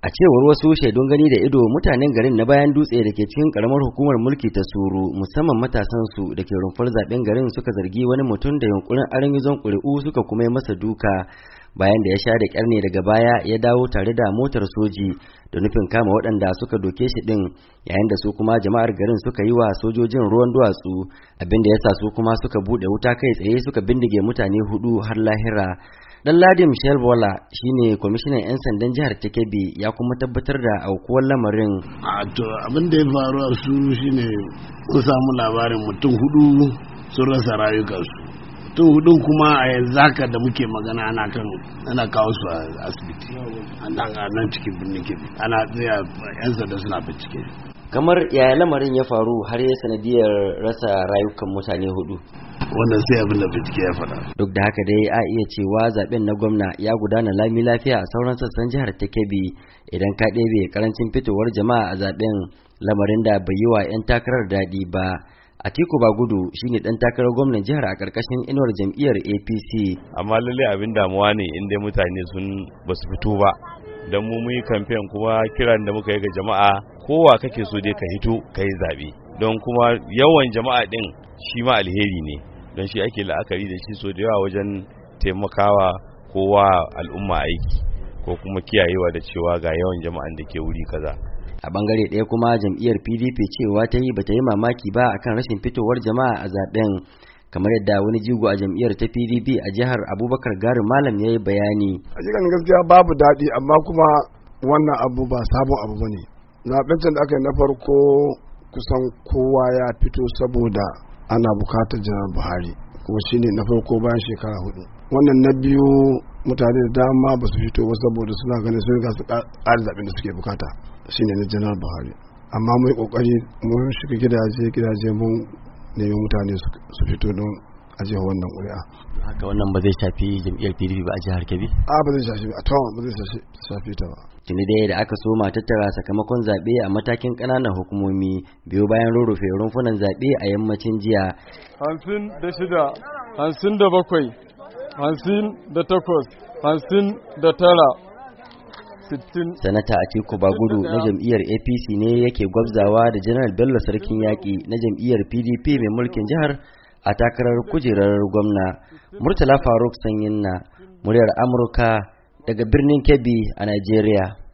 A cewar wasu shaidun gani da ido mutanen garin na bayan dutse da ke cikin karamar hukumar mulki ta Suru musamman matasansu da ke rumfar zaben garin suka zargi wani mutum da yunkurin aron yuzon kuri'u suka kuma yi masa duka bayan da ya sha da ƙyar ne daga baya ya dawo tare da motar soji da nufin kama waɗanda suka doke shi ɗin yayin da su kuma jama'ar garin suka yi wa sojojin ruwan duwatsu abinda ya sa su kuma suka buɗe wuta kai tsaye suka bindige mutane hudu har lahira Ladi Michel Bola shine kwamishinan 'yan sandan jihar Takebe ya kuma tabbatar da aukuwar lamarin. A to abin da ya faru a su shine kun samu labarin mutum hudu sun rasa rayukansu. Mutum hudu kuma a yanzu haka da muke magana ana kan ana kawo su a asibiti. A nan cikin birnin Kebbi. Ana tsaya 'yan sanda suna bincike. Kamar yaya lamarin ya faru har ya sanadiyar rasa rayukan mutane hudu. wannan sai abin da bincike ya faɗa. Duk da haka dai a iya cewa zaɓen na gwamna ya gudana lami lafiya a sauran sassan jihar ta Kebbi idan ka ɗebe karancin fitowar jama'a a zaben lamarin da bai yi wa 'yan takarar daɗi ba. Atiku gudu shine ɗan takarar gwamnan jihar a karkashin inuwar jam'iyyar APC. Amma lalle abin damuwa ne inda mutane sun basu fito ba. Dan mu muyi kamfen kuma kiran da muka yi ga jama'a kowa kake so dai ka hito ka yi zabe. Don kuma yawan jama'a ɗin shi ma alheri ne. don shi ake la'akari da shi so da yawa wajen taimakawa kowa al'umma aiki ko kuma kiyayewa da cewa ga yawan jama'an da ke wuri kaza a bangare ɗaya kuma jam'iyyar pdp cewa ta yi bata yi mamaki ba akan rashin fitowar jama'a a zaben kamar yadda wani jigo a jam'iyyar ta pdp a jihar abubakar garin malam ya yi bayani a cikin gaskiya babu daɗi amma kuma wannan abu ba sabon abu bane zaɓen da aka yi na farko kusan kowa ya fito saboda ana bukatar janar buhari kuma ne na farko bayan shekara hudu wannan na biyu mutane da dama ba su fito ba saboda suna ganin sun riga su ƙari zaɓen da suke bukata shi ne na janar buhari amma mai ƙoƙari mun shiga gidaje gidaje mun nemi mutane su fito don a jihar wannan ƙuri'a haka wannan ba zai shafi jam'iyyar pdp ba a jihar kebbi a ba zai shafi a tawa ba zai shafi ta ba tuni dai da aka soma tattara sakamakon zaɓe a matakin ƙananan hukumomi biyu bayan rurrufe rumfunan zaɓe a yammacin jiya hamsin da shida hamsin da bakwai hamsin da takwas hamsin da tara Sanata Atiku Bagudu na jam'iyyar APC ne yake gwabzawa da Janar Bello Sarkin Yaƙi na jam'iyyar PDP mai mulkin jihar a takarar kujerar gwamna murtala faruk sanyin na muryar amurka daga birnin kebbi a nigeria